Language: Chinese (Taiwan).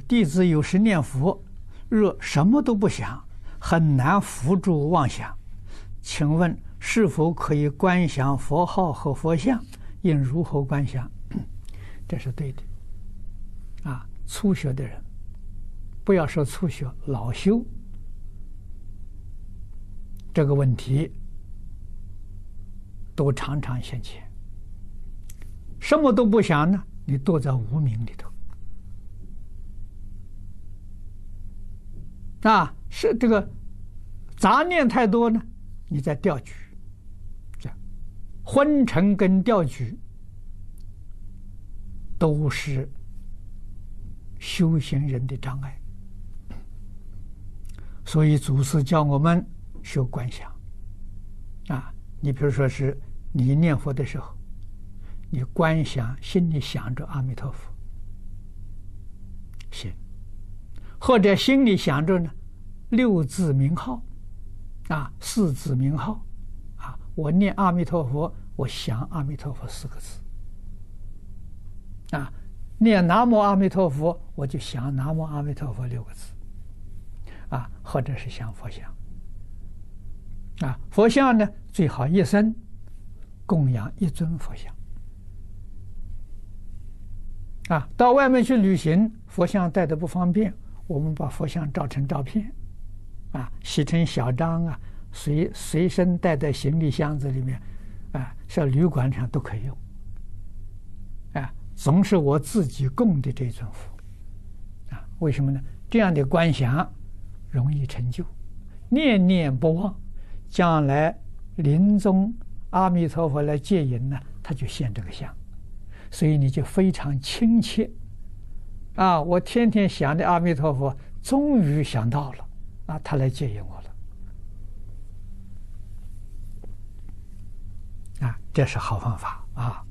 弟子有時念佛，若什麼都不想，很難伏住妄想。請問是否可以觀想佛號和佛像？應如何觀想？這是對的。啊，初學的人，不要說初學，老修這個問題都常常現前。什麼都不想呢？你躲在無明裡頭。啊，是這個雜念太多呢，你再掉舉，這樣昏沉跟掉舉都是修行人的障礙。所以祖師教我們修觀想，啊，你比如說是你念佛的時候，你觀想心裡想着阿彌陀佛，行。或者心裡想着呢，六字名號，啊，四字名號，啊，我念阿彌陀佛，我想阿彌陀佛四個字，啊，念南無阿彌陀佛，我就想南無阿彌陀佛六個字，啊，或者是想佛像，啊，佛像呢最好一生供養一尊佛像，啊，到外面去旅行，佛像帶得不方便。我們把佛像照成照片，啊，洗成小張啊，隨隨身帶在行李箱子裡面，啊，像旅館上都可以用，啊，總是我自己供的這尊佛，啊，為什麼呢？這樣的觀想容易成就，念念不忘，將來臨終阿彌陀佛來接引呢，他就現這個相，所以你就非常親切。啊，我天天想的阿彌陀佛，終於想到了，啊，他來接引我了，啊，這是好方法啊。